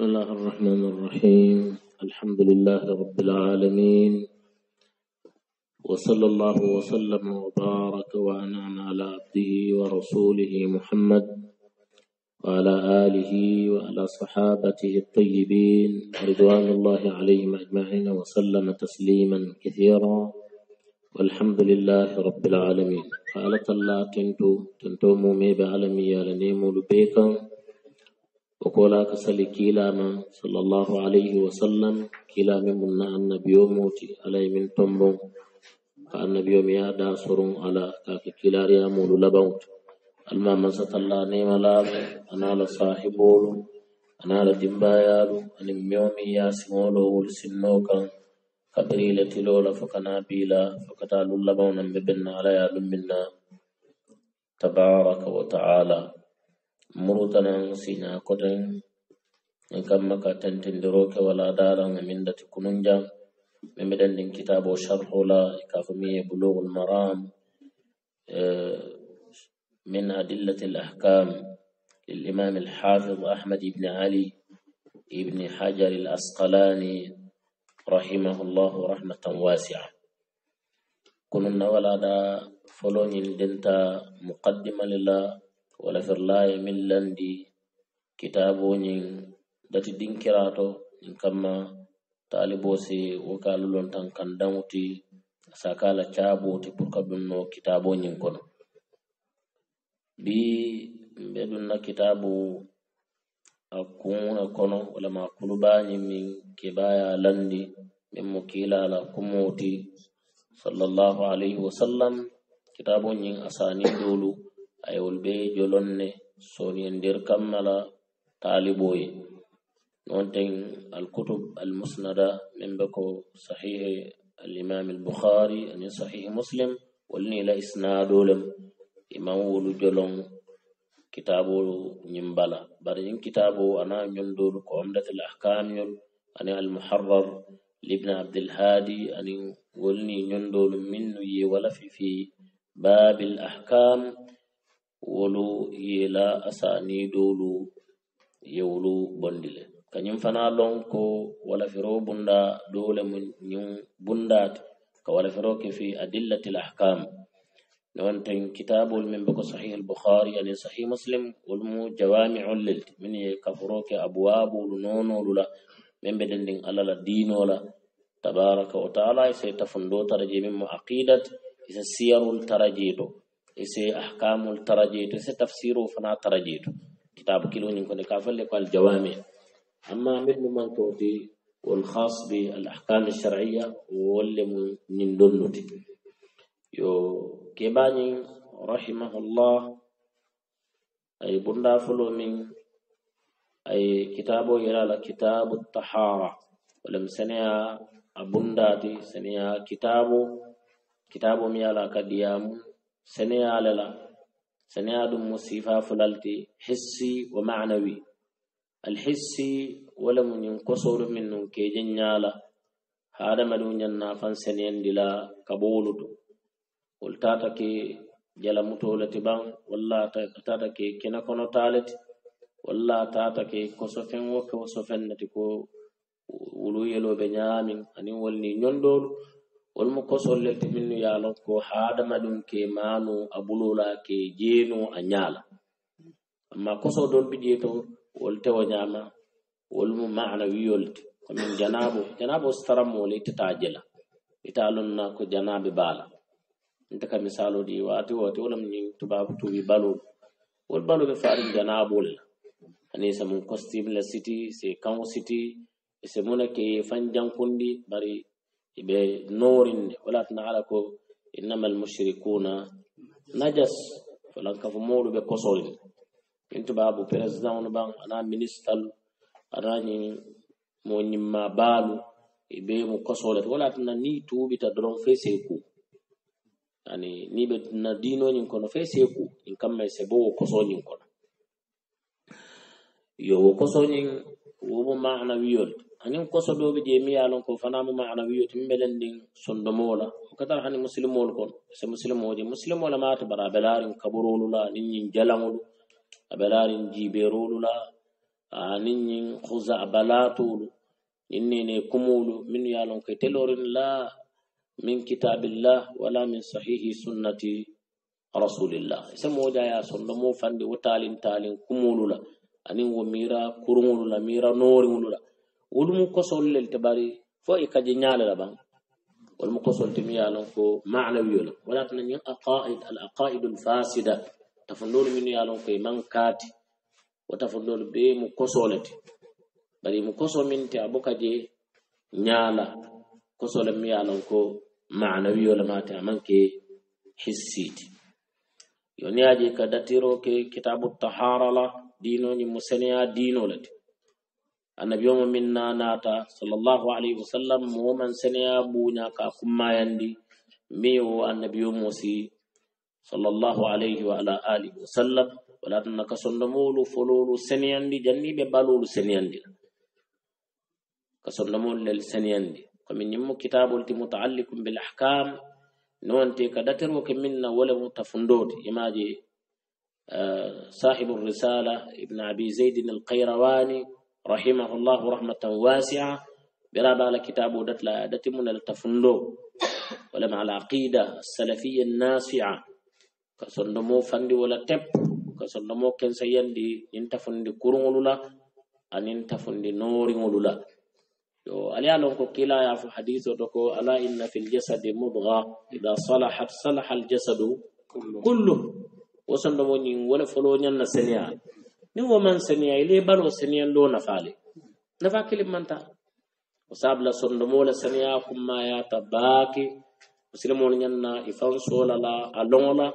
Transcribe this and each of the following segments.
بسم الله الرحمن الرحيم الحمد لله رب العالمين وصلى الله وسلم وبارك وانعم على عبده ورسوله محمد وعلى اله وعلى صحابته الطيبين رضوان الله عليهم اجمعين وسلم تسليما كثيرا والحمد لله رب العالمين قالت الله تنتو تنتو مومي بعلمي يا لنيمو لبيكم وقولا تسلي كيلاما صلى الله عليه وسلم كيلاما من النبي موتي علي من تنبون فالنبي يوم دا سرون على كاك كيلار مولو لبوت الما من الله نيم لام انا لصاحبول انا لدمبايالو أنا ميوم يا سمولو ولسنوكا كبريل لولا فكنا بيلا فكتالو لبونا ببنا على يا تبارك وتعالى murutanan siña koten en kamma ka tentindiro ke wala daran e min dati kunun jam ɓe mbiɗen ɗin kitabo sharhula e kafomi e bulugul maram من أدلة الأحكام للإمام الحافظ أحمد بن علي بن حجر الأسقلاني رحمه الله رحمة واسعة كنا ولا دا فلون دنتا مقدمة لله wala firlaye millandi kitaboñin dati dinkirato in kamma taalibose wokalulon tan kan damuti sakala caboti pour ka ɗum no kitaboñin kono bi ɓe ɗum na kitabu a kuna kono wala ma kulubañin min kebaya landi min mo kilala kumoti sallallahu alayhi wa sallam kitaboñin asani dolu ayol be jolonne soniyendir kammala taaliboye nonten alkutub almusnada min be ko sahihe الإمام البخاري أن صحيح مسلم ولني لا إسناد لم إمام ولو جلون كتابو نيمبالا بارين كتابو أنا نندور كومدة الأحكام يل أنا المحرر لابن عبد الهادي أن ولني نندول من ولا في في باب الأحكام ولو يلا أساني dolu yewlu bondile kañum fana lon ko wala fero bunda dole mun ñum bundati ka wala fero ke fi نوانتن كتاب من بكو صحيح البخاري يعني صحيح مسلم ولمو جوامع الليل من كفروك أبواب ولنون ولولا من بدندن على الدين ولا تبارك وتعالى سيتفندو ترجي من عقيدة سير الترجيدو ese ahkamul tarajitu ese tafsiru fana tarajitu kitabu kiloni kone kafalle ko aljawami amma min man toti wal khas bi al ahkam al shar'iyya wolle mu nin donnuti yo kebani rahimahullah ay bunda fulo min ay kitabo yala kitabu tahara walam saniya abundati saniya kitabu kitabu mi ala kadiyamu seneya lela seneya ɗum mo sifa fulalti hissi wa manawi alhissi wala mu ñin kosoru min num keje ñala haadamadu ñanna fan seneyandi la kaɓolu to wol tata ke jala mutolati ɓan walla tata ke kina kono taleti walla tata ke kosofen wo kosofennati ko wulu yeloɓe ñamin anin wolni ñondolu wolmo kosollel tibinnu yalon ko haadama ɗum ke manu a bulola ke jeenu a ñaala amma koso don ɓiƴe to wol tewo ñama wolmo mana wiyolte komin janabo janabo staramole itata jela italonna ko janaɓe baala inta ka misalo ɗi wati wote wolamni tubabu tuwi balol wol baloɓe faɗum janabolla anisa mum costimla city se kan city e se muna ke fan jankundi bari ibe norin wala tna ala ko najas falan ka fu be kosolin intu babu president on ban ana minister arani mo nyimma balu ibe mu kosolat wala tna ni tubi ta drong fese ani ni be na dino nyin kono fese ku in kamme se bo kosonyin yo kosonyin wo bo ma'na wiyol anin koso ɗoɓe je mi yalon ko fanama ma arabiyo to mbelen ndin sondomola o katara hani musilmol kon se musilmoje musilmola mata bara aɓe laarin kaɓorolula anin ñin jalaŋolu aɓe laarin jiberolula anin ñin husa abalatolu in nene kumolu min yalon koye telorin la min kitabillah wala min sahihi sunnati rasulillah se moja ya sondomo fande wo talin talin kumolu la anin wo mira kuruŋolu la mira noriŋolu la wolumu kosolle te bari fo e kaje ñaalela ban wolmu kosol te miya lon ko manawiyola walatana ñin aqaid al aqaidu lfasida tafondolu min yalon koye mankaati wo tafondolu be mu kosolete bari mu koso min te abo kaje ñaala kosole miya lon ko manawiyola mate amanke hissiti yoniyaji ka datiro ke kitabu tahara la dinoñin mu seneya dino lete النبي منا ناتا صلى الله عليه وسلم ومن سنة بونا كما يندي ميو النبي موسى صلى الله عليه وعلى آله وسلم ولا تنك صندمول فلول سنة يندي جنبي ببالول سنة يندي كصندمول للسنة يندي ومن يمو كتاب المتعلق بالأحكام نوان تيكا داتر وكمنا ولو تفندوت إماجي آه، صاحب الرسالة ابن أبي زيد القيرواني رحمه الله رحمة واسعة برابع كتابه ودتلا دتمنا التفندو ولم على عقيدة السلفية النافعة كصندمو فندي ولا تب كصندمو كن سيان دي انت فندي ان انت نور ولولا يو عليا لونكو كلا يعرف حديثه دوكو الا ان في الجسد مضغة اذا صلحت صلح الجسد كله كله وصندمو نين ولا فلو نين min woman seniya ile balo seniya lo nafale nafa kilimanta o sabla sondo mola seniya kumma yata baake osilimol ñanna ifan solala a longola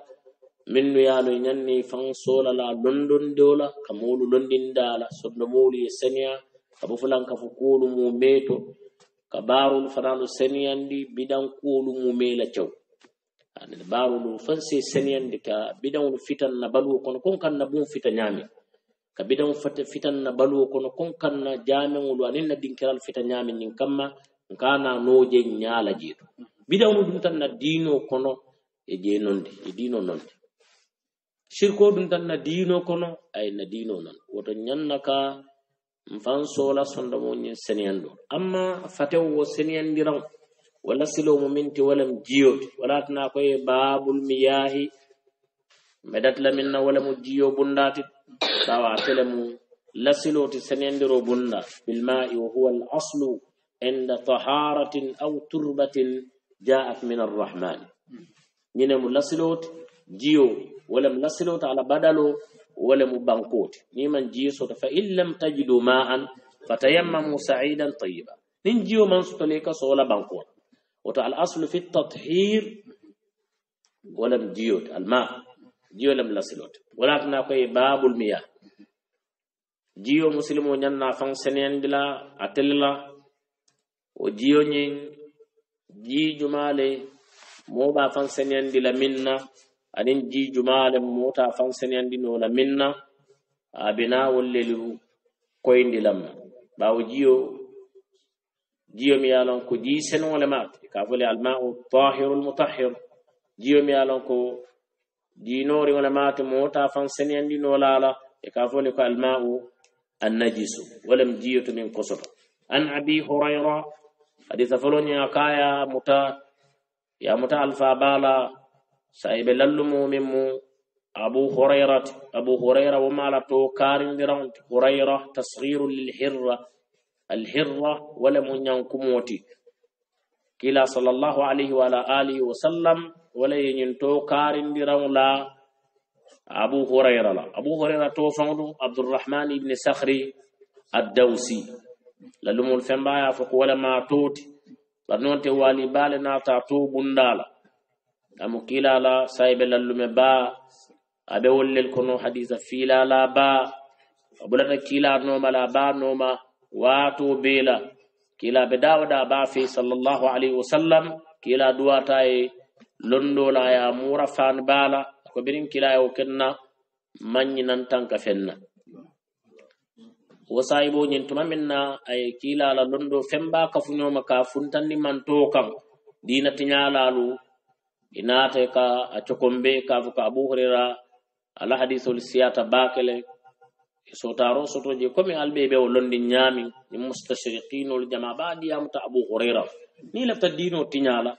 minnu yano ñanni ifan solala londondola ka molu londindala sondo molu ye seniya kabo fulankafo kolu mu meto ka barolu fanano seniyandi bidan kolu mu mela cew baarolu fanse seniyandi ka bidanolu fitan na baluo kono kon kan na bun fita ñami kabidan fitan na baluwo kono konkan na jamenŋolu anin na dinkiral fita ñamen nin kamma nka na noje ñala jeeto bidanŋu ɗum tan na diino kono e je nonde e diino nonde sirko ɗum tan na diino kono ay na diino non woto ñanna ka nfan sola sondamo ñin seniyan ɗo amma fatew wo seniyandiran wala silomo minti walam jiyote wala tana koye babul mi yaahi medatlaminna walamo jiyo bundatit tawa telemu lasiloti senendiro bunda bilma'i wa huwa al-aslu inda taharatin aw turbatin ja'at min ar-rahman ñine mu lasiloti jiyo wala mu lasiloti ala badalo wala mu bankoti niman jiyo soto fa in lam tajidu ma'an fatayammamu sa'idan tayyiba nin jiyo man sotole ka sola bankota woto al aslu fi tathir walam jiyot al ma jiyo lam lasilot wala tana koye babul miyah jiyo musilimo ñaŋ nafaŋ seneyandi la atelle la wo jiyo ñiŋ jii jumale moɓa faŋ seneyandi la miŋ na aniŋ jii jumale mota faŋ seneyandi no la miŋ na abena wollelu koyindi lam bawo jiyo jiyo mi ye loŋ ko jii senuŋo le maati e ka fo le almau tahiru lmutahir jiyo mi ye loŋ ko jii nooriŋo le maati mota faŋ seneyandi no la la e ka fo le ko almau النجس ولم جيت من قصر عن أبي هريرة حديث فلون يا كايا متى يا متى ألفا بالا سايب للمو ممو أبو هريرة أبو هريرة وما لا كارن درانت هريرة تصغير للحرة الحرة ولم ينكموتي كلا صلى الله عليه وعلى آله وسلم ولا ينتو كارن دران لا أبو هريرة لا أبو هريرة توفنه عبد الرحمن بن سخري الدوسي للمو الفنبا يفق ولا ما توت برنونت والي بال ناتا تو بندالا أمو كيلا لا سايب للم با أبي ولل كنو حديث فيلا لا با أبو لنا كيلا نوما لا با نوما واتو بيلا كيلا بداودا با في صلى الله عليه وسلم كيلا دواتا لندولا يا مورفان بالا ko birin kilayo kenna manyi nan tanka fenna wasai bo nyin tuma minna ay kila la londo femba ka funyo maka funtandi man to kam dina tinyalalu inate ka a chokombe ka fuka abu hurira ala hadithu lisiyata bakele sotaro sotoje komi albe be o londi nyami ni mustashriqinul jama badi amta abu hurira ni lafta dino tinyala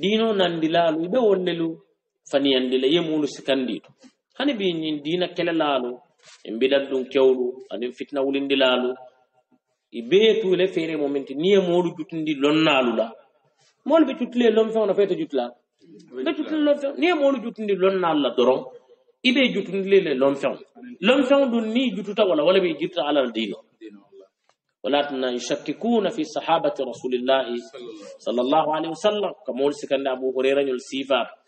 dino nandilalu be wonnelu faniyandila ye mulu sikandi to hani bi ñin dina kelelalu en bidal ɗum kewlu anin fitna wulindilalu i bee tuule feere momenti niŋ ye moolu jutindi lonnaalu la moolu be jutile loŋ feŋo na fo ite jutila be jutile loŋ feŋo niŋ ye moolu jutindi lonnaalu la doroŋ i be jutindile le loŋ feŋo loŋ feŋo duŋ niŋ jututa wala wala be jirta alla la diino walatina yusakkikuna fi sahabati rasulillahi sallallahu alayhi wa sallam ka moolu sikandi abu hurayra ñol siifaata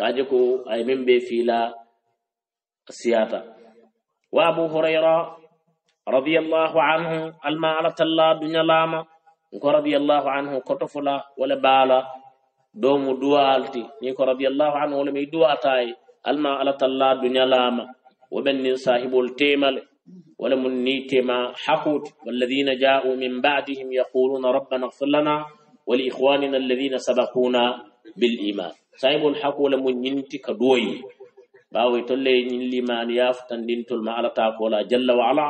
تاجكو اي من بي في لا سياتا وابو هريره رضي الله عنه الما على الله دنيا لاما رضي الله عنه كتفلا ولا بالا دوم دوالتي نيكو رضي الله عنه ولا مي دواتاي الما على تلا دنيا لاما ومن صاحب التيمل ولم نيتما حقوت والذين جاءوا من بعدهم يقولون ربنا اغفر لنا ولاخواننا الذين سبقونا بالايمان saybol hakola mo nyinti ka ɗooyi bawe tolle nyin liman yaftan din yaftandintol ma ala la jalla wa ala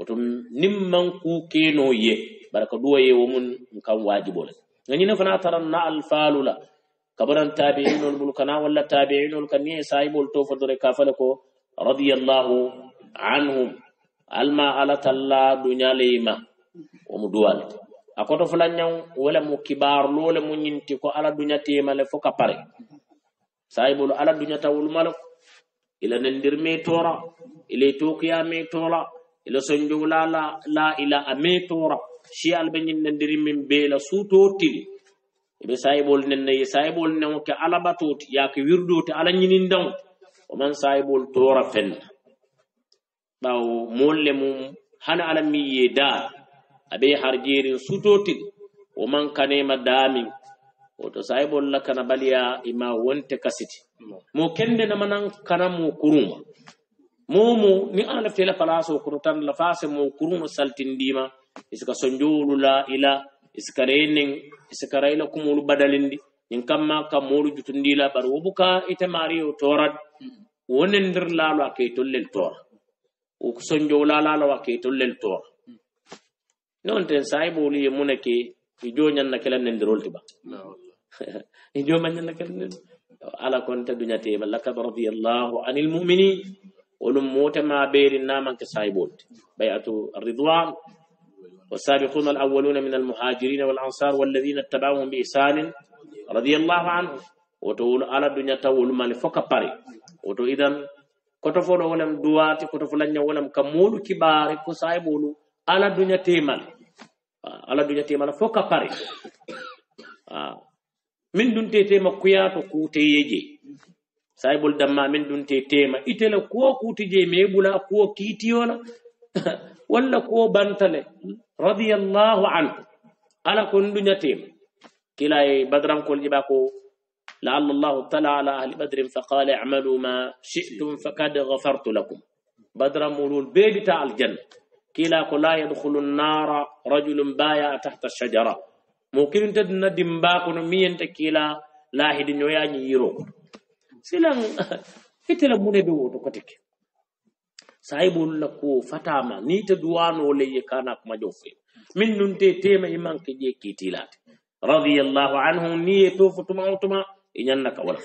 otum nimman ku keno ye baraka bara ka ɗoye womun wajibol ngani na fana taran na falula kabaran tabi'inol mul kana walla tabi'inol kan ni e to fodore ka fala ko radiyallahu anhum alma ala talla duñaleyma omo duwalte a koto fula ñaŋ wo le mu kibaarloo le mu ñinti ko alla duña teema le fo ka pare saayibolu alla duñata wuluma le i la nendir mee toora i la tookiya mee toora i la sonjowla la la i la a mee toora si alla be ñin nendiri min bee la suutoo tili i be saayibolu nenna ye saayibolu neŋo ke alla batooti yaake wirdooti alla ñinindaŋo wo maŋ saayibolu toora fenna bawo moolu le mu hani alla miŋ ye daala abe harjeerin sutootil wo man kanema daamin woto sahibol la kana baliya ima wonte kasiti mo kende namanan kana mo kurunwa momo ni alaftela palaso kono tan lafase mo kurunwa saltindima isika sonjoolu la ila isika reynen isika rayla kumolu badalindi in kamma kam molu jutundila bar wobu ka ite mario torat wonen nder laalo a keytollel tora woko sonjowo lalalo a keytollel tora non ten sahibu li munake ijo nyanna kelan nen dirolti ba ijo man nyanna kelan nen ala konta dunya te laqad radiyallahu anil mu'mini ولم موت ما بير النام كسايبوت بيعة الرضوان والسابقون الأولون من المهاجرين والأنصار والذين اتبعوهم بإحسان رضي الله عنهم وتقول على الدنيا تقول من فوق باري وتو إذن كتفول ولم دواتي كتفول ولم كمول كبار كسايبولو ala dunya temal ala dunya temala fo ka pare min dun te tema kuyato say bol damma min dun te tema itela me bula ko kiti kiitiyola wala ko bantale radiyallahu anhu ala kun dunya tema kila e kol jiba ko لعل ala ahli على fa qala فقال ma shi'tum fa فقد ghafartu lakum بدر مولول bedita aljanna كلا كلا يدخل النار رجل بايع تحت الشجرة ممكن تدنا دمبا كن مين كلا لا هي دنيا نيرو سلام كتلا من دو تكتك سايب لكو فتاما نيت دوان ولا يكانك ما جوفين من ننتي تيم إيمان كجيك كتلا رضي الله عنه نيت توفت ما أوتما إنك ولا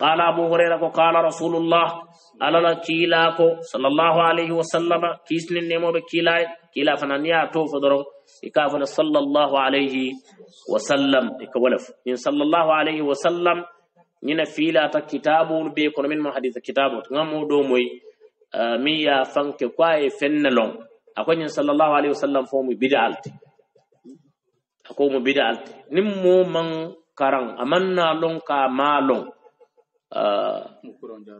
قال أبو هريرة قال رسول الله ألا كيلاكو صلى الله عليه وسلم كيسن نيمو بكيلا كيلا فنانيا توف درو إكافن صلى الله عليه وسلم يكولف إن صلى الله عليه وسلم نينا فيلا كتاب بيكون من محدث كتاب نمو دوموي آه، مي يا فانك كواي فنلون أكو صلى الله عليه وسلم فومي بدالتي أكو بدالتي نمو من كران أمنا لون كما لون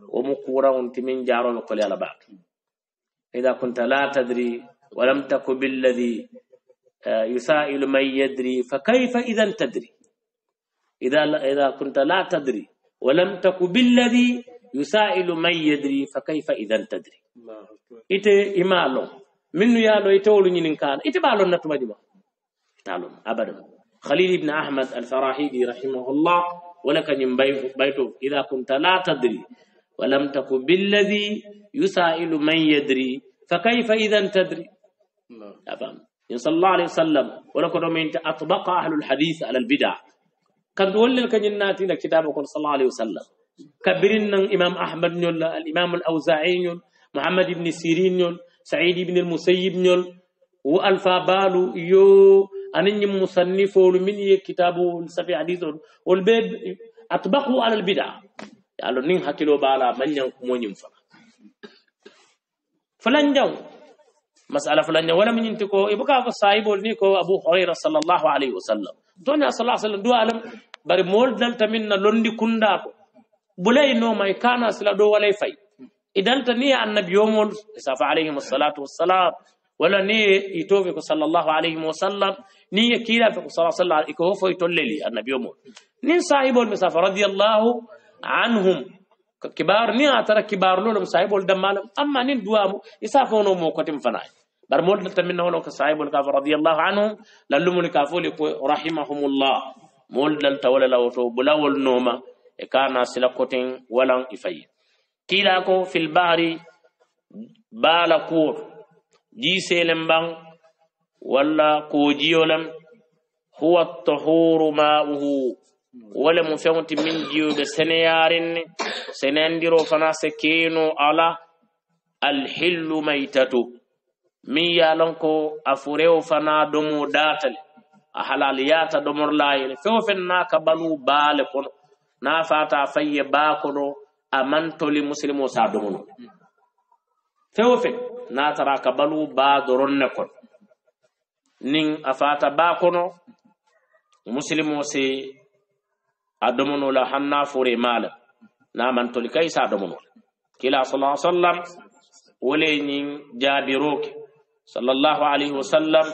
ومكورا وانتمين جارو نقول على بعض آه، إذا كنت لا تدري ولم تك بالذي يسائل من يدري فكيف إذا تدري إذا إذا كنت لا تدري ولم تك بالذي يسائل من يدري فكيف إذا تدري إت إمالو من يالو يتولني نين كان إتي بالو نتوما تعلم أبدا خليل بن أحمد الفراهيدي رحمه الله ولك نيم بايتو اذا كنت لا تدري ولم تكن بالذي يسائل من يدري فكيف اذا تدري أفهم صلى الله عليه وسلم ولكن من اطبق اهل الحديث على البدع كان دول لك كتاب صلى الله عليه وسلم كبرنا امام احمد نول الامام الاوزاعي محمد بن سيرين سعيد بن المسيب نول والفا بالو يو أنني مصنف من كتاب سفي حديث والباب أطبقه على البدع يالو نين هكيلو بالا من ينكم ونينفا فلان جو مسألة فلان جو ولا من ينتكو يبقى صاحب نيكو أبو هريرة صلى الله عليه وسلم دون صلى الله عليه وسلم دو عالم بري مول dalta min na londi kundaa ko bulay nooma e kana sila ɗo walay fay e dalta ni e annabiyomol safa alayhim assalatu wassalam walla ni e itoɓe ko sallllahu نيه كيرا في صلى الله عليه وسلم في تولي انا يوم نين صاحب المسافه رضي الله عنهم كبار ني ترى كبار لهم صاحب الدمال اما نين دوام يسافون موكتم فنا بر مول تمنه لو صاحب الكاف رضي الله عنهم للم الكاف رحمهم الله مول تولى تول لو بلا ول نوما كان سلا كوتين ولا يفي كيلاكو في البحر بالكور دي سيلمبان walla kojiyolam huwa tahuru mauhu wala mu fewti min jiyode seneyarinni senendiro fana se keno ala alhillu maitatu min yalanko afurewo fana domo datale a halal yata domor layele fewo fen naka balu bale kono na fata fayye bakono a mantoli muslimo sa domono fewo fen natara ka balu ba doronne kono nin a fata baa kono musilimo si a domonola hanna fore maala na mantoli kay sa domonola kila sala sallam wole nin jaabiroke sallallahu alaihi wasallam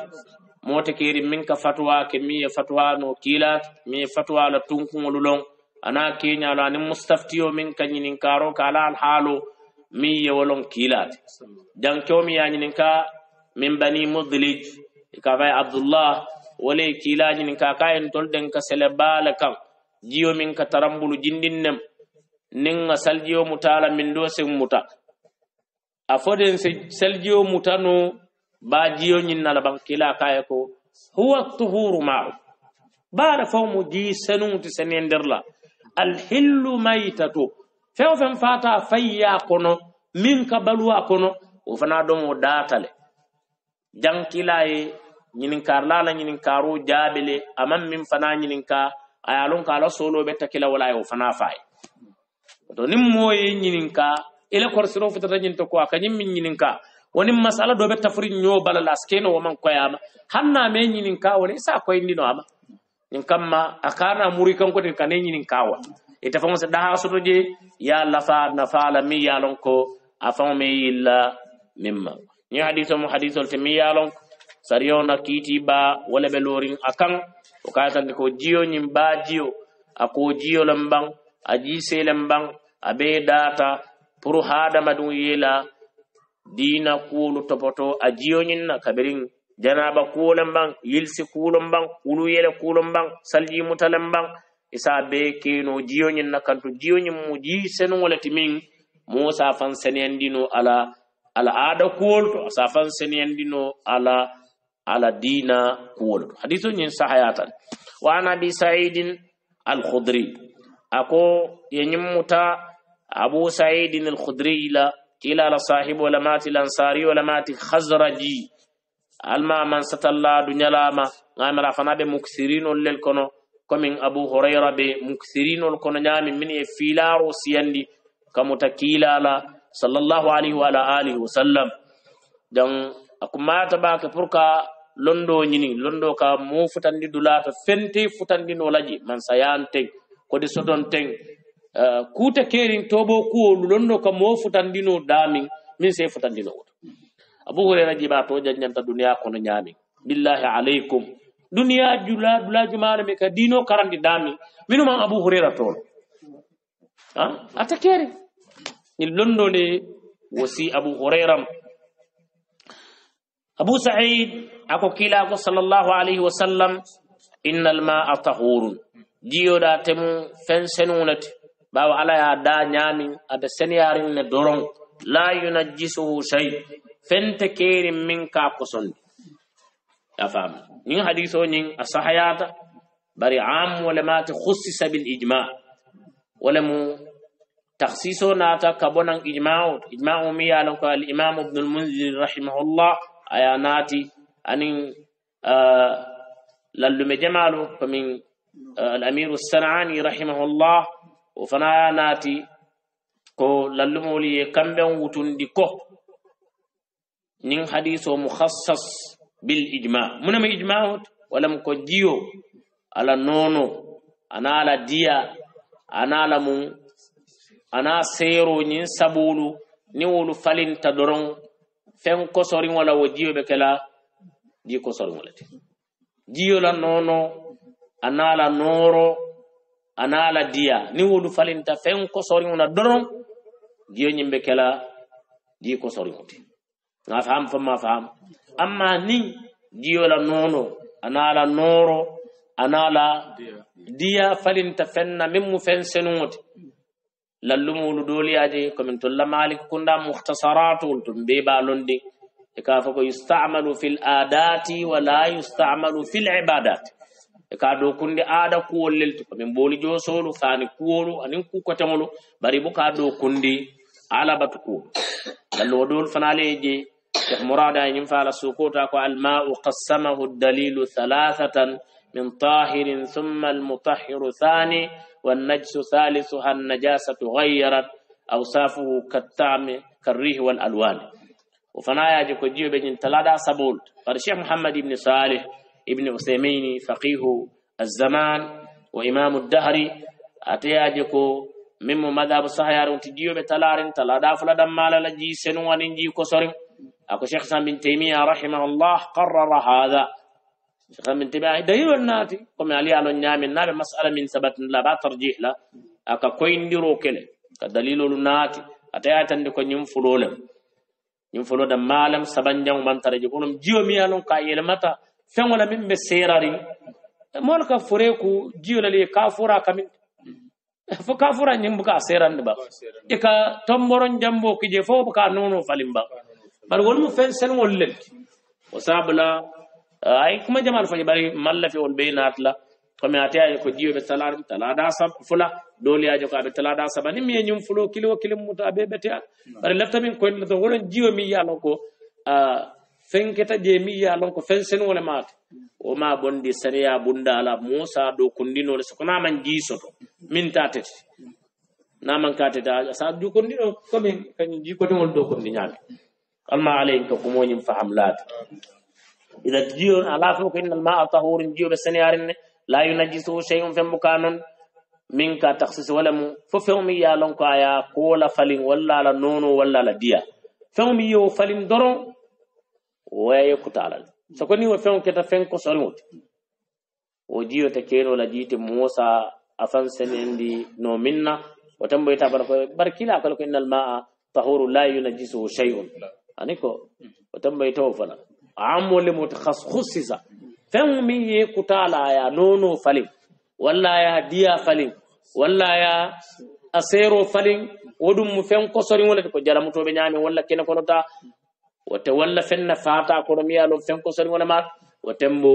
mote keri min ka fatuwa ke mi ye fatuwa no kilat mi ye fatuwa la tunkuŋolu loŋ ana keñalo ani mustaftiyo min ka ñininkaro ka ala al haalo mi ye wo loŋ kilat jankewo mi ye ñininka min bani mudlij kafay abdullah wole kilaji nin kakayen tolden ka sele bala kan jiyo min ka tarambulu jindin nem nin a saljiyo mutala min do sin muta a foden se saljiyo muta no ba jiyo nin nala ban kila kaya ko huwa tuhuru ma'u bara fa mu di sanu ti senen derla al hillu maitatu fe fen fata fayya kono min ka balwa kono o fana do mo datale jankilaye ñininkarla la ñininkaro jaabele aman min fana ñininka a ye lon ka la soolo be takila wala ye o fana faye to nin moo ye ñininka ile korsiro fitata ñinte ko a ka ñin min ñininka woni masala do be tafri ño balala skeno wo man koyama hanna me ñininka wala isa koyindino ama ñin kamma a kana muri kanko de kane ñininka wa ite fa se daha soto je ya lafa nafala mi ya lon ko a fa me yilla mimma ñi hadithu mu hadithol te mi ya lon ko sariyona kiiti ba wala ɓe lorin a kan o kaya tanke ko jiyoñin ba jiyo ako jiyolen ban a ji selen ban abe data pour hadamadum yela dina kuolu topoto a jiyoñinna kabirin janaba kuolen ban yilsi kuolon ban wulu yele kuolon ban salji mutalen ban isa be keno jiyoñinna kantu jiyoñin mu ji senugolati min mosa fan seneyandino ala ala ada kuol to asa fan seneyandino ala على دينا كول حديث ين صحيحا وانا ابي سعيد الخدري اكو ينمتا ابو سعيد الخدري لا الى صاحب ولمات الانصاري ولمات خزرجي الما من ستلا دنيا لما غامرا نعم، فنا بمكثرين للكونو كمن ابو هريره بمكثرين الكونو نامي من فيلارو سيندي كمتكيلا لا صلى الله عليه وعلى اله وسلم دون اكو ما pour ka londo ñini londo ka mo futandi dulaata fenti futandi no laƴi man sayan teng kode sodon teng uh, kuuta keerin tobo kuwolu londo ka mo futandino daamin min se futandino wuto abou hurera jiɓa to janñanta duniya kono ñaamin billahi alaykum duniya jula dulaju maare mi ka diino karandi daamin minuman abou hurera toon ha ah, ata keeri ni londo ne wosi abou hurera أبو سعيد أكو كيلا صلى الله عليه وسلم إن الماء طهور جيو داتم فنسنونت باو على يا دا نيامي اد سنيارين ندورون لا ينجسه شيء فنتكير منك قصن أفهم نين حديثو نين الصحيات بري عام ولما تخصص بالإجماع ولم تخصيصو ناتا كبونا إجماع إجماع ميا لو قال الإمام ابن المنذر رحمه الله aya ye naati aniŋ lallume jamaalu komin alamiru sanani rahimahullah o fana ye naati ko lallumolu ye kamben wutundi ko nin hadiso mukhassas bil إجماع ولم ijma hoto walam ko jiyo ala nono ana ala diya ana ala mum ana seero ñin sabulu feŋ kosoriŋo la wo jio be ke la jii kosoriŋo le ti jio la nono a naa la nooro a naa la diya niŋ wolu falinta feŋ kosoriŋo la doroŋ jio ñiŋ be ke la jii kosoriŋo ti ŋa faam fo ma faam amma niŋ jio la nono a naa la nooro a naa la diya falinta feŋ na meŋ mu feŋ senuŋo ti lallumulu doliyaje komin tolla malik kunda muhtasaratul tum be balondi e ka fo yustamalu fil adati wala yustamalu fil ibadati e ka do kunde aada kuwol lelti komin booli josolu fani kuwolu anin kukotemolu bari bo ka do kundi alabatu kuwolu lallu wo dol fanaleje cheikh mourada e ñim faala sukota ko almau qassamahu dalilu halathatan min tahirin thumma almutahiru thani والنجس ثالثها النجاسة غيرت أوصافه كالطعم كالريح والألوان وفنايا جكو جيو بجن تلادا سبول الشيخ محمد بن صالح ابن عثيمين فقيه الزمان وإمام الدهري أتيا جكو مما مذهب صحيار تجيو بتلارن تلادا فلدا مالا لجي سنوان جيو كسر أكو شيخ سام بن تيمية رحمه الله قرر هذا min tiɓe ay dayiwel naati comme ali anon ñaamin naɓe masala min sabatin la ɓa tardi la aka koyndiro kele ka dalilolu naati a tawi ay tandi ko ñim fulolem ñim fulode maalem sabanjang mantareji kono jiyomi alon ka yelmata feŋola min ɓe serari mool ka fore ku jiyolali ka fura kamin fo ka fura ñim ka serandi ɓa ika tomboron jambo kije fo ka nono falin ɓa bar wonmo feŋ sen wol lel o sabu la ay kuma jamanu fo ɓari mallafe on ɓey natla komi ate aje ko jiyoɓe talaɗum talaɗa saba fula doli ajo ko aɓe talaɗa saba ni miye ñum fulo kilio kili muta aɓe ɓete a ɓaɗa hmm. lefta min koyeto woɗon jiyo mi yiya lon ko fenketa je mi yiya lon ko fen sen wone mate hmm. oma bonde sariya bunda ala mosa ɗo kondinole soko naman jiisoto hmm. min ta tete naman ka tete a sa jukondino komin kañum jikotemol ɗo kondiñaɓe alma alayn ka kumoñim faham laade إذا تجيون على فوق إن الماء طهور جيو بسنيارن لا ينجسه شيء في مكان منك تخصص ولا مو ففهم يا لونك يا كولا فلين ولا لا نونو ولا لا ديا فهم يو فلين درون ويكتالل سكوني وفهم كتا فين كسرموت وجيو تكينو لا جيت موسى أفن سنندي نو منا وتمبيتا بركيلا قالوا إن الماء طهور لا ينجسه شيء أنيكو وتمبيتو فلا amol mutakhassisa fen min ye kutala ya nono falin walla ya diya falin walla ya asero falin wodum mu fen kosorin wala ko jaramutoɓe ñami walla kene konota wote walla fenna fata kono mi yalon fen kosorin wala ma wotembo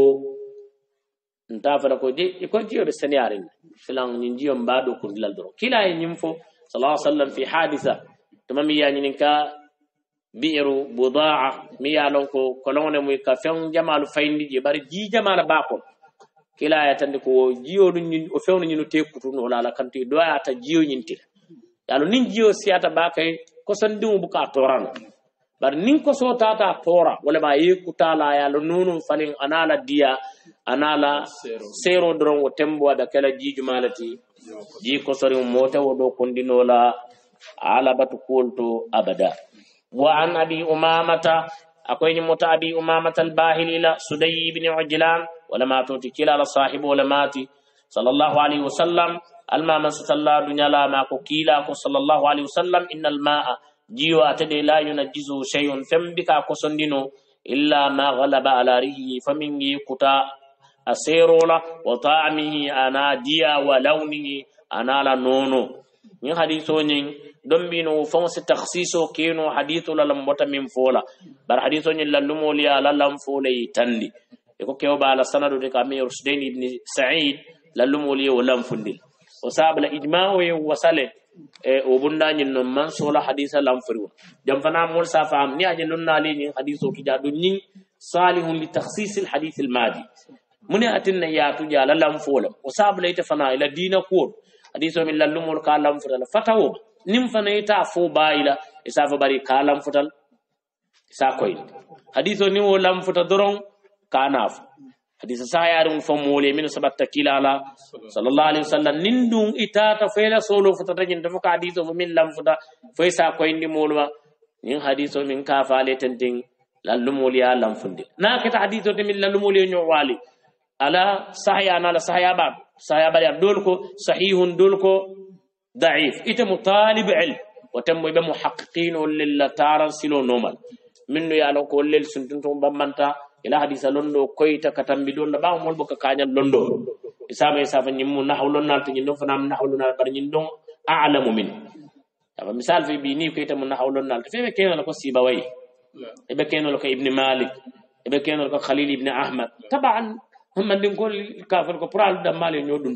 nta fana ko de iko jiyoɗo seniyarin silan ñin jiyon mbaɗo kundilal doron kila e ñin fo sala sallam fi hadisa tuma mi yañinin ka biiru boudaa mi ya lon ko kolone muy ka fewn jamalu fayndi ji bare ji jamala bakol kilaya tandi ko o jiyoɗu o fewno ñino tekkutun o lala kamti doyata jiyo ñintira yalo nin jiyo siyata bakay kosan ndimu buka torano bare nin koso tata tora wala ma yekkutala yalo nonu fanin anala diya anala sero doron o tembo aɓe kala jijumalati ji kosorin motewo ɗo kondinola alabatu kuwol to abada وعن أبي أمامة أكوين متى أبي أمامة الباهلي لا سدي بن عجلان ولما توتي كلا لصاحب ولماتي صلى الله عليه وسلم الما من ستلا دنيا لا ما كيلا صلى الله عليه وسلم إن الماء جيو أتدي لا ينجز شيء فمبك كسندنو إلا ما غلب على ريه فمنه كتا أسيرولا وطعمه أنا ديا ولونه أنا لا نونو من حديث دم بينو فونس تخصيصو كينو حديثو للمبوتا من فولا بر حديثو نلالمو لي على لنفولي تندي يكو كيو بالا سندو ديك أمير سدين ابن سعيد للمو لي ولنفندل وصابل إجماع وصلت o bundañin noon man sola hadisa lanfori on jam fana mol sa faam ni aje lonnali nin hadise o tuja ɗum nin salihum li taksisil hadise l maadi mune atinna ya tuja ala lanfolam o sablayte fana ila dina kuwol hadise o min lallumol ka lanfotala fatawoma nin fana ta fo bayila isa fa bari ka lamfutal isa koy hadiso ni wo lamfuta doron ka nafu ya sayarin fo mole min takila ala sallallahu alaihi wasallam nin dun ita ta la solo futa tagin da fuka hadiso fo min lamfuta fo isa koy ndi molma nin hadiso min ka fa le tenting lallumol ya lamfunde na ta hadiso te min lallumol nyo wali ala sahya na la sahya ba sahya bari ya ko, sahihun ko. ضعيف إتم مطالب علم وتم يبقى محققين ولله تارن سلو نومال منو لو كل سنتون بمانتا إلى حديث لوندو كويتا كتم بدون باو مول بوكا كانيا لوندو إسامة إسافة نمو نحو لونال نالت نيندو فنام نحو بار ني دون أعلم من طبعا مثال في بيني كويتا من نحو لون نالت فيما كينو لكو سيبوي يبقى نعم. كينو لكو ابن مالك يبقى كاين لكو خليل ابن أحمد طبعا هم من نقول الكافر كبرال دمال ني نيو دون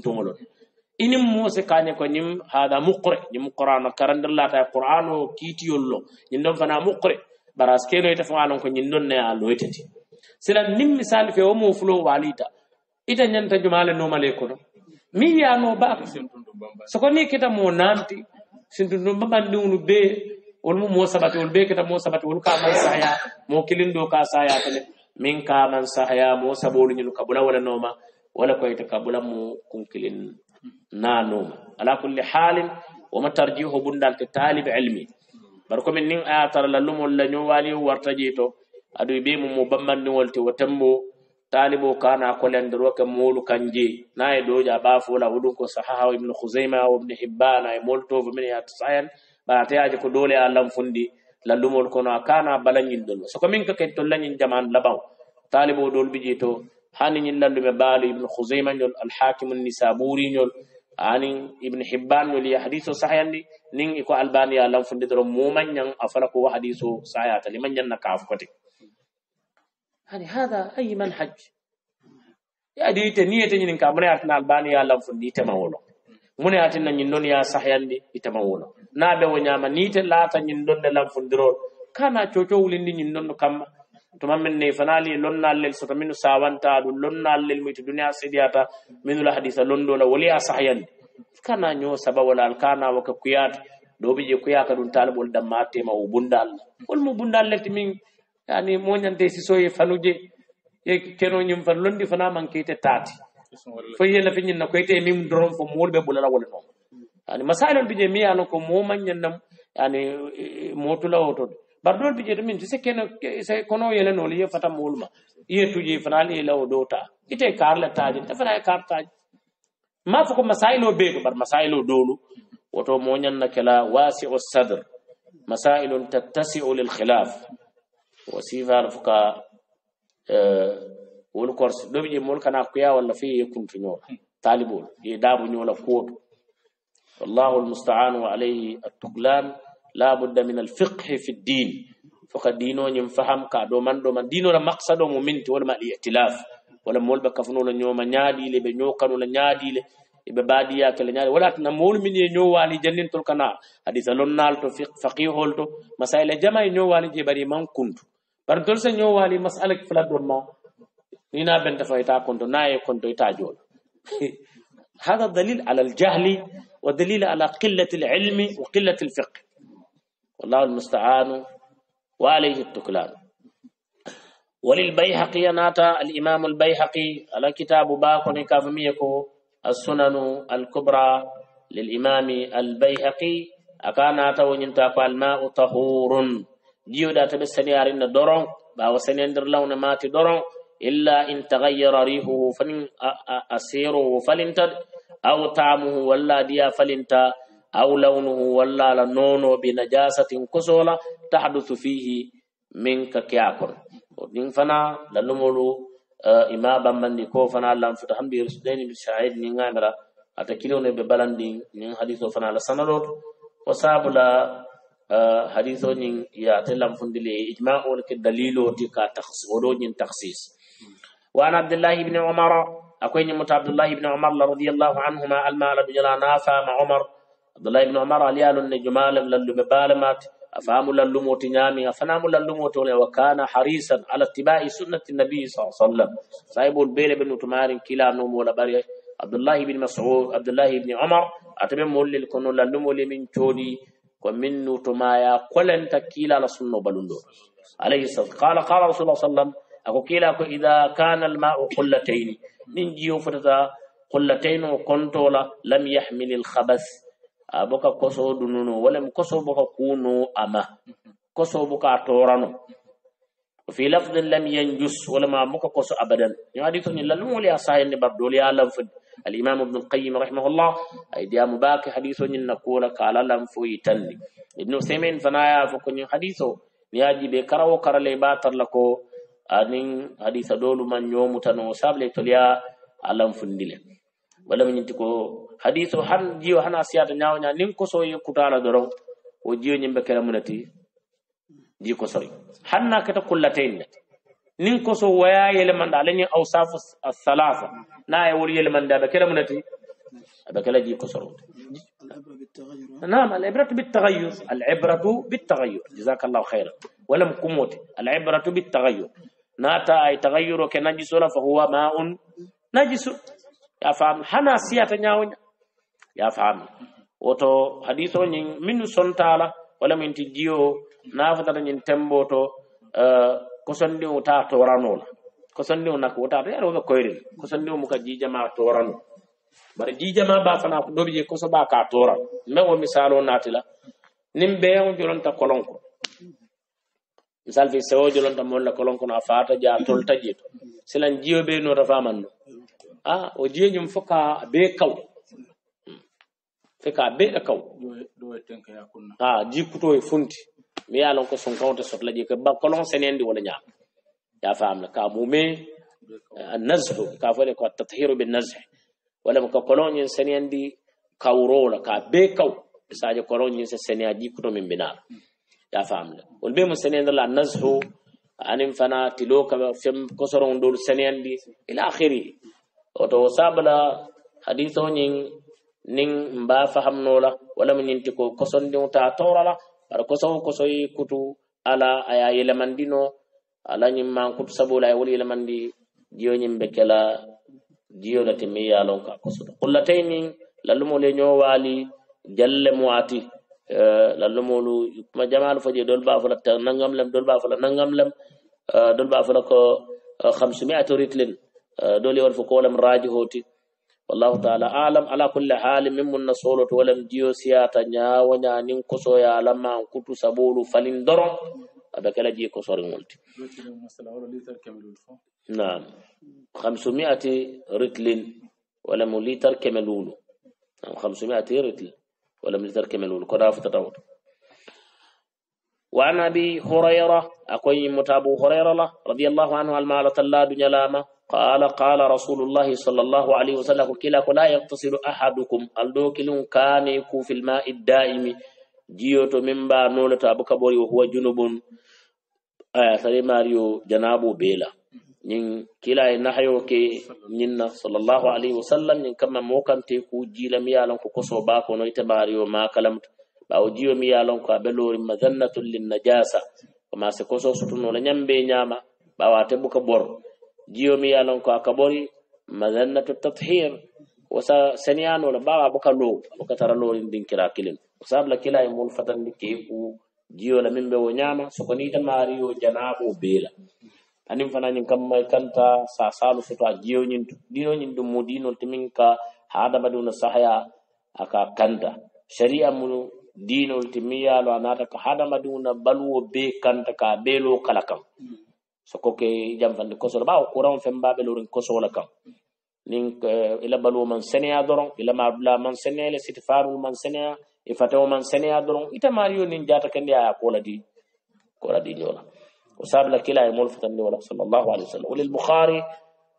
inin mose kane ko nin hada mukre ni mukrano karandirlata e qur'ano kiitiyol lo ñin ɗon fana mukre bara ske noyta fogalon ko ñin ɗon naya loytati sila nin misali fe womo fulo walita ita ñanta jumale nomale kono mi yiyano baka sokoni kita mo namti sintundumba ɓandiunu be wolmo mo sabati wol be kita mo sabati wol kaman sahya mo kilindo ka sahya tene min kaman sahya mo sabolu ñinu kabula wala noma wala koyta kabula mo kunkilin nanuma ala kulli halin woma tarjiho bundal ke talibe elmi bar komin nin aya tara lallumol la ñowani warta ji to aduy be mumo bammandiwol ti wo tembo talibo kana kolendero ke molu kan je na e doja ɓa fola woɗum ko sahaha ibnu husaima o ibne hibbana e moltovo min ya tasayan ɓaate aji ko dole a lanfundi lallumol kono a kana balañin ɗol so komin ko ken to lañin jaman labaw talibo ɗol biji to هاني نيل لالو مبالي ابن خزيمة نيل الحاكم النسابوري نيل هاني ابن حبان نيل يحديثو صحيح نيل نين إكو ألباني ألم فندر مومن نيل أفرقو وحديثو صحيح تلي من جنة كافكتي هاني هذا أي منحج يا دي تنية تنين كامري أتنا ألباني ألم فندي تماولو مني أتنا نيندون يا صحيح نيل يتماولو نابي ونياما نيت لا تنين دون لام فندرو كانا تشوتو ولين نيندون كامري tuma minne fanali lonnallel sota minu sawanta ɗum lonnallel muyto duniya sidiyata minula hadisa londola woli a sahyande kana ño sabawala al kana waka kuyata ɗoɓe je kuyaka ɗum talɓol damma tema o bunda allah wolmo bunda allah ti min yani moñante sisoye fanuje ye kenoñum fan londi fana man keyte taati fo yela fe ñinna koyte min doron fo mool ɓe ɓulala wole noon yani masailol bije mi yano ko momañannam yani motula o toon bar bi bijeta min ti se keno se kono yele no li fata mulma ye tuje fanal e law dota ite kar la taji ta fana kar taji ma fuko masailo be bar masailo dolu woto mo nyan na kala wasi'u sadr masailun tattasi'u lil khilaf wasifar fuka wol korse ɗo ɓe mol kana kuya walla fe yekkunto ñoola talibol ye daabo ñoola kuwoto wallahu almusta'anu wa alayhi لا بد من الفقه في الدين فقدينو نيم فهم كا دو من دو من دينو مقصد مؤمن ولا ما الائتلاف ولا مول بكفنو لا نيوما نيادي لي بنيو كانو لا نيادي لي بباديا كلا نيادي ولا تنا مول من نيو والي جنن تول كنا حديث لون نال تو فقه فقيه هولتو مسائل جمع نيو والي جي مان كنت بار دول سا نيو والي مساله فلا دون ما نينا بنت فايتا كنت ناي كنت ايتا جول هذا دليل على الجهل ودليل على قله العلم وقله الفقه والله المستعان وعليه التكلان وللبيحقي ناتا الإمام البيحقي على كتاب باقني كافميكو السنن الكبرى للإمام البيحقي أكان ناتا ينتقى الماء طهور جيودا تبسني أرين دورون باو در لون مات دورون إلا إن تغير ريحه فن أسيره فلنتد أو طعمه ولا ديا فلنتد أو لونه ولا لنونو بنجاسة كسولا تحدث فيه من ككياكر ودين فنا لنمولو آه، إما بمبندي نكو فنا لن فتحن برسدين بشعيد نغامرة أتكيلون ببلندين نين حديثو فنا لسنرود وصاب لا آه، حديثو نين ياتلم فندلي إجماع ولك دليلو تكا تخصيص ولو نين تخصيص وأنا عبد الله بن عمر أكوين مت عبد الله بن عمر رضي الله عنهما المال بجلا نافع مع عمر abdoulahi ibnu omar ali yalon ne jumalem lalluɓe baalemate a faamu lallumoti ñaami a fanamu lallumoti wole wa kana harisan ala tibai sunnati nabii sa sallam sahibol beele ɓe nutumarin kilanomo wala ɓari abdoullahi ibine masud abdoullahi ibni omar ataɓe mollel kono lallumoli min coodi ko min nutumaya kolenta kiilala sunno balunɗo alayhi salam qala qala rasulullah sallam ako kiila ko ida kana almau qullatayni nin jiyo fotata qullatayn o kontola lam yahmil alkhabas a boka koso dununo walam koso boka kuno ama koso boka torano وفي لفظ لم ينجس ولما مك قص ابدا يعني تني للم ولا ساين بردول يا لم الامام ابن القيم رحمه الله ايدي مباك حديث ان نقول قال لم فويتن ابن سيمين فنايا فكن حديثو نياجي بي كرو كرلي باتر لكو انين حديث دول من يوم تنو سابلي توليا لم فندله bala min ko hadithu han jiyo hana siyata nyawnya nin ko so kutala doro o jiyo nyimbe kala munati ji ko sori hanna kata kullatain nin ko so waya yele manda alani awsafu as-salasa na ay wuri yele manda be kala munati be kala ji ko soro نعم العبرة بالتغير العبرة بالتغير جزاك الله خيرا ولم كموت العبرة بالتغير ناتا أي تغير وكان وكنجس فهو ماء نجس ya faami hana siyata ñawoña ya faami woto hadise o ñin min sontala walla min ti jiyo nafatata ñin tembo to uh, eh, kosondiwo ta toranola kosondiwo nakka wotata yaro ko koyrel kosondiwo muka jijama torano bara jijama ba fana ko dobije koso ba ka toran mais o misal o naati la nin beyo jolonta kolonko misal fi sewo jolonta molla kolonko no a fata ja tolta jito silan jiyo be no ta famanno a o jeñum fo ka be kaw fe ka be e kaw a kuto e funti mi ye lon ko sun kawta sotla je ke bakkolon senendi wala ñaam ya famla ka mume annazhu ka fole ko tathiru bin nazh wala ko kolon yin senendi kawrola ka be kaw saje kolon yin se senya ji kuto min binala ya famla wol be mo senendi la nazhu anin fana tilo ka kosoron dol senendi ila akhiri oto sabla hadise o ñin nin mba fahamnola walla mu ñinti ko kosondiŋo ta torala bara kosowo kosoyi kutu ala aya yelemandino ala ñin man kutu sabula ye wolu yelemandi jiyo ñin be kela jiyo le ti min ye lon ka kosoto kullataynin lallumolu ye ñoo waali jalle muati lallumolu kuma jamalu fo je dol ba fola nangam lem dol ba fola nangam lem dol ba fola ko hamsumiatu ritlin آه، دولي ورفو قولم هوتي والله تعالى عالم على كل حال من من نصولت ولم جيو سياتا نيا ونيا ننقصو يا لما انكتو سبولو فلندرم أبكى لا جيكو صارين ملتي نعم خمسمائة رتل ولم ليتر كملولو نعم خمسمائة رتل ولم ليتر كملولو كنا فتتعود وعن أبي هريرة أكوين متابو هريرة رضي الله عنه المالة الله دنيا لامه قال قال رسول الله صلى الله عليه وسلم كلا لا يغتسل أحدكم الدوكل كان في الماء الدائم جيوت من با نولة أبو كبوري وهو جنوب آية سليماريو جنابو بيلا نين كلا نحيو كي نين صلى الله عليه وسلم نين كما موكم تيكو جيلا ميالون كو كسو باكو نويت ماريو ما كلمت باو جيو ميالون كو أبلوري مذنة للنجاسة وما سكسو ستنو لنيم بي نياما باو أتبو كبور jiomi mi yanon ko aka ɓori madannatu tathir wasa seniyanola bawa boka low boka tara lowrin din kila kilin sabla kila e fatan fatandi ke ku jiyola min ɓe wo nyama soko ni nita mario janabo beela anin kam kamma kanta sa salu soto jiyo nyin dino nyin dum mudino timinka hada baduna sahaya aka kanta sharia mun dino timmi yaalo a nata ka hadamaduna baluwo be kanta ka belo kalakam soko ke kosol ba ɓawo kuran fen mbaɓe lorin kosola kan nin ila balu man seneya doron ila mabla man seneya le siti faru man seneya e fatewo man seneya doron ita yo nin jata kende aya koladi di nyola o sabla kila e mol fatandi wala sallallahu alaihi wasallam sallam bukhari bouhari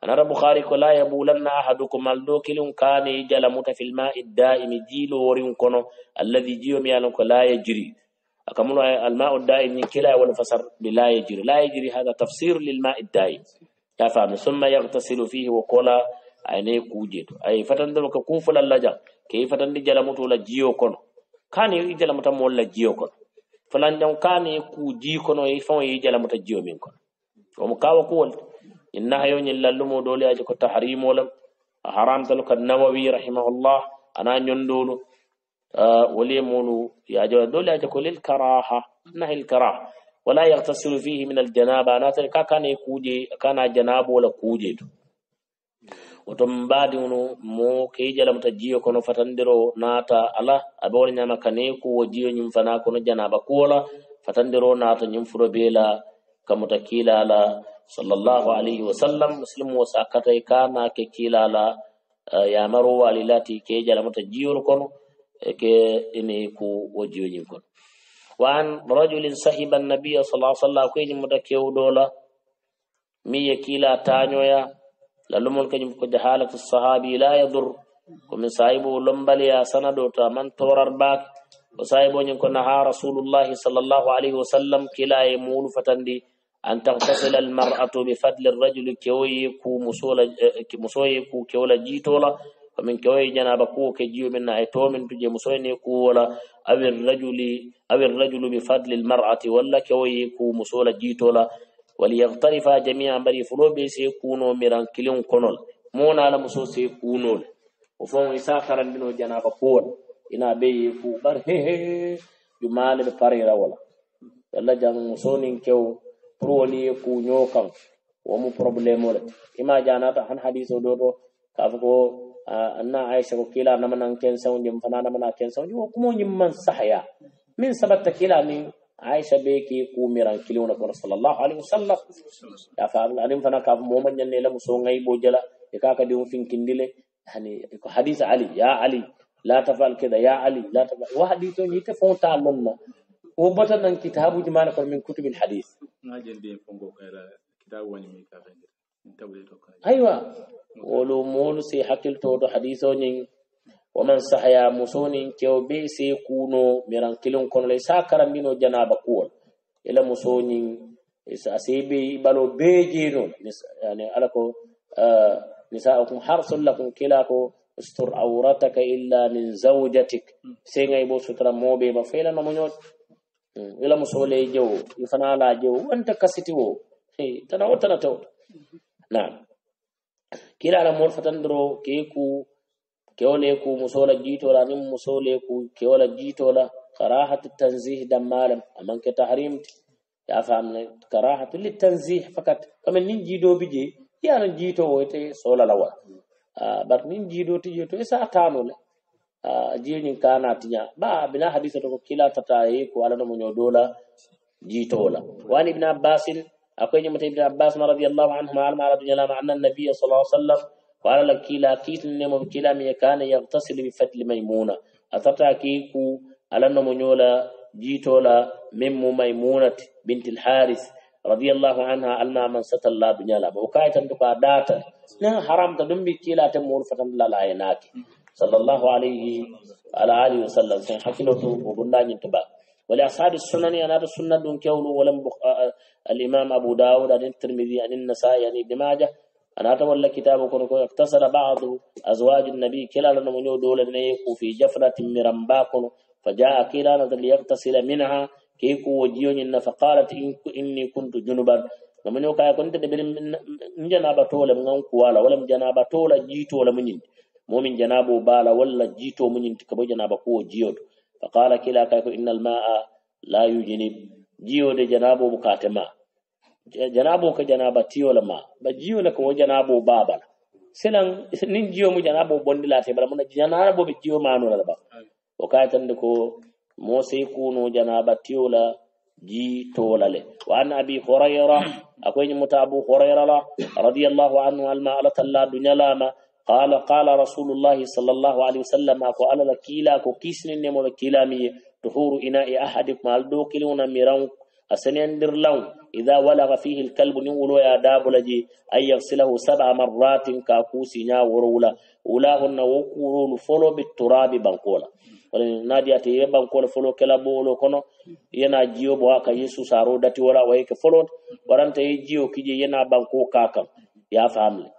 anara bouhari ko la yabulanna ahadukum alɗo kilum kane jalamuta filma iddaimi jiilo worin kono alladi jiyomi yalon ko la أكمل الماء الدائم من كلا والفسر بلا يجري لا يجري هذا تفسير للماء الدائم تفهم ثم يغتسل فيه وقولا أين كوجد أي فتن ذلك كوف لجا كيف فتن جلمت ولا جيو كن كان يجلمت ولا جيو كن فلان جم كان يكوجي كن يفهم يجلمت جيو مين كن ومكاو كول إنها يوني للمو دولي أجل كتحريم ولم حرام ذلك النووي رحمه الله أنا يندولو wolie molu yajawa dole yaja ko lel karaha nahel kara wala yartasilu fihi min aljanaba natani ka kane kuje kana janabola kuje to woto min mbadi unu mo kei jalamta jiyo kono fatandiro nata ala aɓe wala ñama kane kuwo jiyo ñum fana kono janaba kuwola fatandiro nata ñum furo bela kamuta kilala sallllahu alayhi wasallam muslimu wo sakatay ka nake kilala yamaro walilati kei jalamta jiyol kono إني كو وجيوني كون وعن رجل صاحب النبي صلى الله عليه وسلم كي نمتا كيو دولا مي كيلا تانيو يا للمون كي نمتا جهالة الصحابي لا يضر ومن صاحبه لمبالي يا سندو تامن تورر باك وصاحبه نمتا نها رسول الله صلى الله عليه وسلم كلا يمول فتندي أن تغتسل المرأة بفضل الرجل كيو يكو مسوي كو كيو لجيتولا komin kewoye janaba kuwo ke jiyomin na e tomin tuje musoyni kuwola awir rajulu bi fadli lmarati walla kewoye ku musola jiitola waliyahtarifa jamia mbari fuloɓe se kuno miran kilin konol monala muso se kunol o fon isa karandino janaba kuwol ina beye fu ɓar hehe jumale ɓe parira wala yalla jan musonin kew pour woniye ku ñokan womu probléme ole ima janata han hadise o ɗo ɗo kafo ko anna aisha ko kila namana manan ken saundi mfana na manan ken saundi ko mo nyim man sahya min sabatta kila ni aisha be ki kumiran kiliwna kono sallallahu alaihi wasallam ya fa alim fana ka mo man nyanne la muso ngai bo jala e ka ka di finkindile hani ko hadith ali ya ali la tafal kida ya ali la tafal wa hadithu ni te fonta lonna wo bata nan kitabu jumana kono min kutubil hadith na jende fongo kayra kitabu wani mi ka fende aywa wolu moolu si hakkiltoto hadiso ñin woman sahaya musonin kew be se kuno miran kilin kono lay sa karambino janaba kuwol ila musonin asebe balo be jeno yani ala ko eh, nisaukum harsun lakum kila ko ustur awrataka illa min zawjatik hmm. sai ngai bo sutra mobe ba fela no munyot hmm. ila musole jewo ifana la jewo wanta kasiti wo tana wata na naam kiilaala morfa tandoro keku kewoleku musola jiitola anin musoleku kewola jiitola karahatu tansih dammalem amanke tahrimte ya famne karahatu li tansih fakat kamen nin jiidoɓe je yano jiitowo te solala wala bar nin jiido tije to isa e tanole jeñin kana tiña ba bina hadisa to ko kila tata yeku alanomo ñoo dola jiitola wani ibne abbasin أقول متى ابن عباس رضي الله عنهما علم على الدنيا لما أن النبي صلى الله عليه وسلم قال لك كلا كيس نم كلا من كان يغتسل بفضل ميمونة أتبتا كيكو على نمونيولا جيتولا من ميمونة بنت الحارث رضي الله عنها علم من ست الله الدنيا لما وكايتا تكا داتا نها حرام تدم بكلا تمور فتن لا لعيناك صلى الله عليه وعلى آله وسلم سنحكي لتو وبناني تباك ولأصحاب السنن يعني أنا السنة دون كولو ولم بخ... آه، آه، الإمام أبو داود عن الترمذي عن النسائي عن يعني ابن ماجه أنا تولى كتابه كونكو اقتصر بعض أزواج النبي كلا لنمو دولة إيه؟ نيكو في جفرة مرمباكو فجاء كلا ليغتسل منها كيكو وجيون فقالت إني كنت جنبا ومن يوكا كنت دبل من جنابة تولى من أنكوالا ولم جنابة تولى جيتو لمنين مؤمن جنابه بالا ولا جيتو منين تكبو جنابة كو جيوتو فقال كلا كيكو إن الماء لا يجنب جيو دي جنابو بكاتما جنابو كجنابة تيو لما بجيو لكو جنابو بابا silan nin jiyo mu janabo bondi la tebra mun janabo be jiyo manu la ba o kaytan de ko mo sey kuno janaba tiola ji tolale wa an abi hurayra akoy ni muta abu hurayra la radiyallahu anhu alma ala talla qala qala rasulullahi sallallahu alaihi wa sallam ako alala kiila ko kisininnemo no kiilamiye tuhuru ina e ahadikum al ɗo kiliwna miran a senendir law ida walaga fihi lkalbu nin wuloya dabola je an yagsilahu saba marratin ka kusi ña worowla wulahunna wo kurolu folo ɓe turabi bankola wala nadiyate ye bankola folo kela bolo kono yana jiyo bo haka ye Saro, dati wala waye ke folot waranta ye jiyo kije yana banko ka ya famle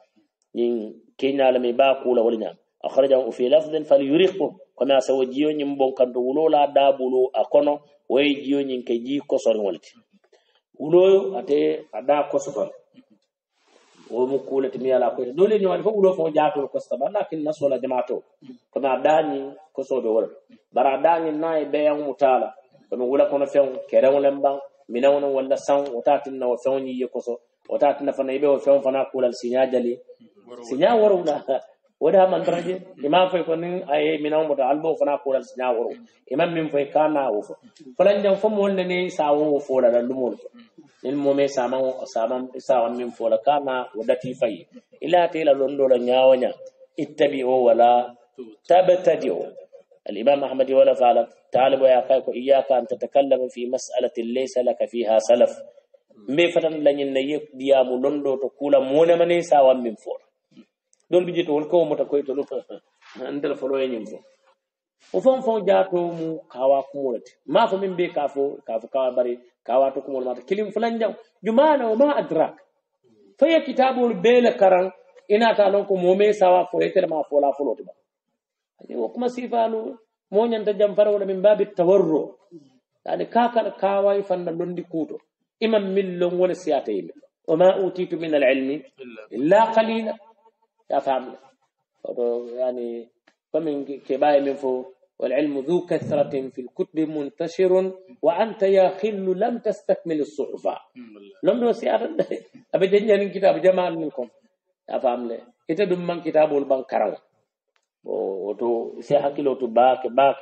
ñin kenyalami ba kula wala nyam akhrajahu fi lafdin falyurikhu kama sawo jiyo nyim bon kanto wulola dabulo akono way jiyo nyin ke ji kosor walti wuloyo ate ada kosofan o mu kula timi ala ko do le nyawal fa wulo fo jaato ko sabba lakin nasola jamaato kama dani kosobe wala bara dani nay be yam mutala kama wula kono fen kere wolen ban minawno wala san wotatin no fawni yekoso wotatin fa nay be o fen fana kula sinya jali sinya woro la wada man daraje imam fay ko ni ay minaw mo dal bo fana ko dal sinya woro imam min fay kana wo falan jam fam wonne ni sa wo fo la dal lumol il mo me sa ma sa ma sa wan min fo la kana wadati fay ila te la londo la nyaawanya ittabi'u wala tabtadi'u الإمام أحمد ولا فعل تعالى وياك وإياك أن تتكلم في مسألة ليس لك فيها سلف مي فتن لن ينيك ديام لندو تقول مون من ساوى من فور ɗon ɓijito won kowomota koyto ɗum nder foloeñum fo o fon fon jatomu kawa kumolete mafo min mbi kafo kafo kawa bari kawa to kumol mata kilim fulan jaw jumana o ma adrak faya kitabol bele karan inata non ko mome sawa foyetere ma fola folote ba wokkuma sifanu moñanta jam fara wala min mbabi tawarro ani kakala kawai fanna londi kuuto iman millon wona siyata yimɓe o ma utitu min al ilmi illa qalila يا فهم يعني فمن كباية من فو والعلم ذو كثرة في الكتب منتشر وأنت يا خل لم تستكمل الصحفة لم دو سيارة أبدا يعني كتاب جماعة منكم يا فهم لي كتاب من كتاب والبان كرل وتو سيحة كيلو تباك باك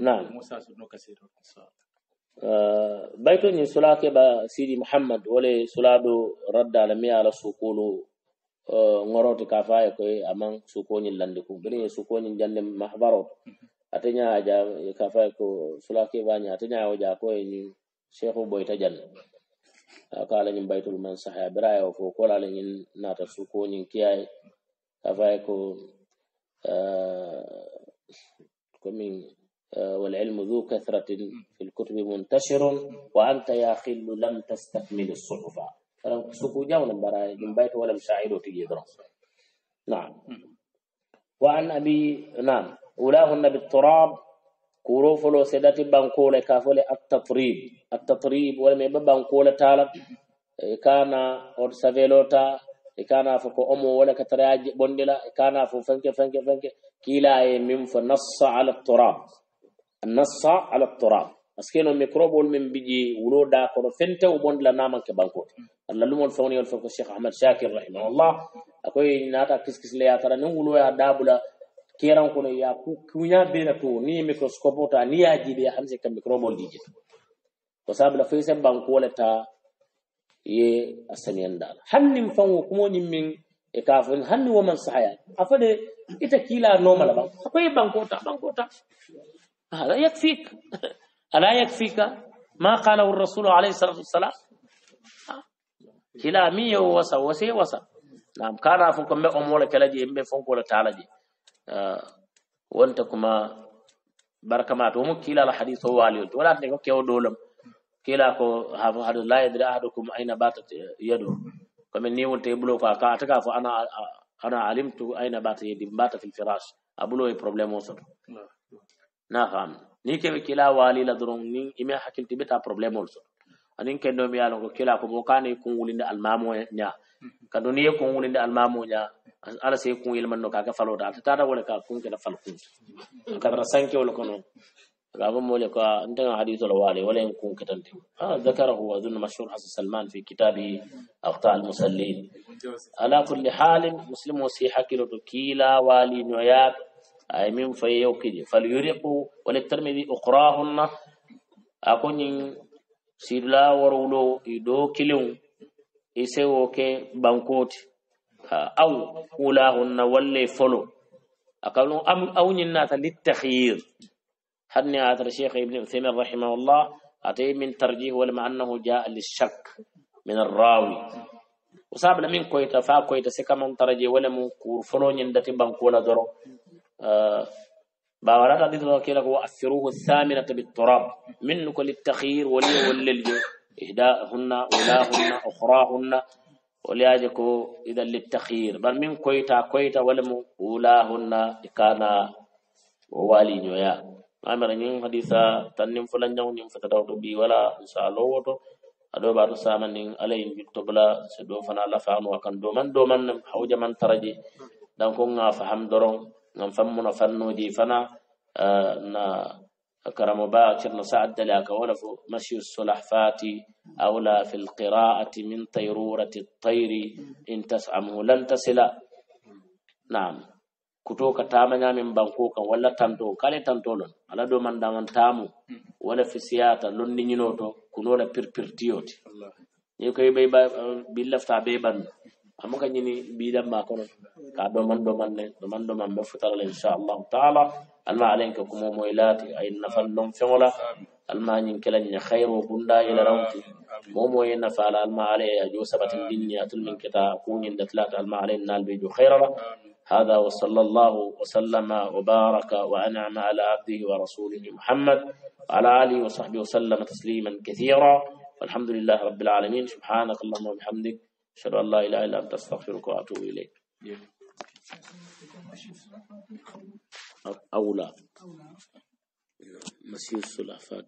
نعم Ah, bayto ñin sula keɓa sidi mouhammad wole sula ɗo raddala mi ala sukolo ŋoroto ah, ka fa e koye aman sukoñin lande ku bene sukoñin jande mahbaroto ateña aja ka fa e ko sula keɓañi ateña oja koye ñin cheikhu boyta jande ko alañin baytol man sahaya biraya e o fo kola alañin nata sukoñin kiyaye ka fa ye ko ah, komin uh, آه، والعلم ذو كثرة في الكتب منتشر وأنت يا خل لم تستكمل الصحف فلم سكو جاونا براي جنبايت بيت ولم شاعر تجي نعم وعن أبي نعم أولاهن بالتراب لو سيدات بانكولة كافولة التطريب التطريب ولم يبقى بانكولة تالب كان أور سافيلوتا كان فكو أمو ولا كترياج بندلا كان فو فنك فنك فنك كلا من فنص على التراب النص على التراب اسكينو ميكروب ول من بيجي ولو دا كو فنت وبون لا نام كي بانكوت الله لوم الفوني والفوق الشيخ احمد شاكر رحمه الله اكو ناتا كيس كيس لي ترى نون ولو يا دابلا كيران كو يا كو كونيا بينتو ني ميكروسكوب تا ني اجي بي حمزه كم ميكروب ول ديجي وسابلا فيس بانكو لتا ye asaniyan da hannin fanwo kuma nimmin e hannu wa sahaya afade ita kila normal ba akwai bankota bankota هذا يكفيك ألا يكفيك ما قاله الرسول عليه الصلاة والسلام kila mi yo wasa wase wasa nam kana fo ko mbe o mola kala je mbe fon ko la taala je wonta kuma barkama to mo kila la hadith o wali to wala ko kew dolam kila ko hafu hadu la yadri ahadukum aina batat yadu comme ni wonte bulo ko ka ataka fo ana ana alimtu aina batat yadi batat fil firash abulo e problème o soto نعم نيكي وكلا والي لدرون نين إمي حكيل تبتا problem also أنين كنو ميالون كلا كبوكان يكون ولين دا المامو نيا كدو نيه كون ولين دا المامو نيا على سي كون يلمنو كاكا فلو دا تتارا ولكا كون كلا فلو كون كبرا سنكي ولكونو رابو مولي كا انتنا حديث الوالي ولين كون كتن تيو هو ذن مشهور حس سلمان في كتابي أغطاء المسلين على كل حال مسلم وسيحة كيلو كيلا والي نوياك ايمن فيوكي فليرق وللترمذي اقراهن اكونين سيدلا ورولو يدو كيلو يسوكي بانكوت او اولاهن ولي فولو اقلو ام او نينا للتخيير هني هذا الشيخ ابن عثيمين رحمه الله اتي من ترجيح ولما انه جاء للشك من الراوي وصاب لمن كويت فا كويت سكمن ترجيح ولم كور فلو نين دتي بانكو لا درو باورات آه، حديث وكيلك وأثروه الثامنة بالتراب منك للتخير ولي وللج إهداءهن ولاهن أخراهن ولياجك إذا للتخير بل من كويتا كويتا ولم ولاهن كان ووالي نويا أمر نين حديثا تنم فلن جون نم فتدوت بي ولا إن شاء الله وتو أدو بارو سامن نين عليه بكتبلا سدو فنا لفعن وكان دومن دومن حوج من ترجي دانكو فهم درون ngam fammuna fannuji fana na كرم باكر نسعد لك ولف مشي السلحفات أولى في القراءة من طيرورة الطير إن تسعمه لن تصل نعم كتو كتامنا من بانكوكا ولا تنتو كالي تنتولن على دو من دامن تامو ولا في سياتا لن نينوتو كنولا بير بير تيوتي يكوي بيبا بيلفتا بيبان amuka ñini dam ma kono ka do man do man ne do doman doman be futara la allah taala alma alen ke kumo moy lati ay nafal lom feŋola alma ñin kelañ ña hayro bunda ila rawti mo moy nafal alma ala ye ajo sabatin dinni min kita kuñin datilata alma ala ye naal be jo hayrala هذا وصلى الله وسلم وبارك وأنعم على عبده ورسوله محمد وعلى آله وصحبه وسلم تسليما كثيرا والحمد لله رب العالمين سبحانك اللهم وبحمدك أشهد أن لا إله إلا أنت أستغفرك وأتوب إليك أولى مسير السلافات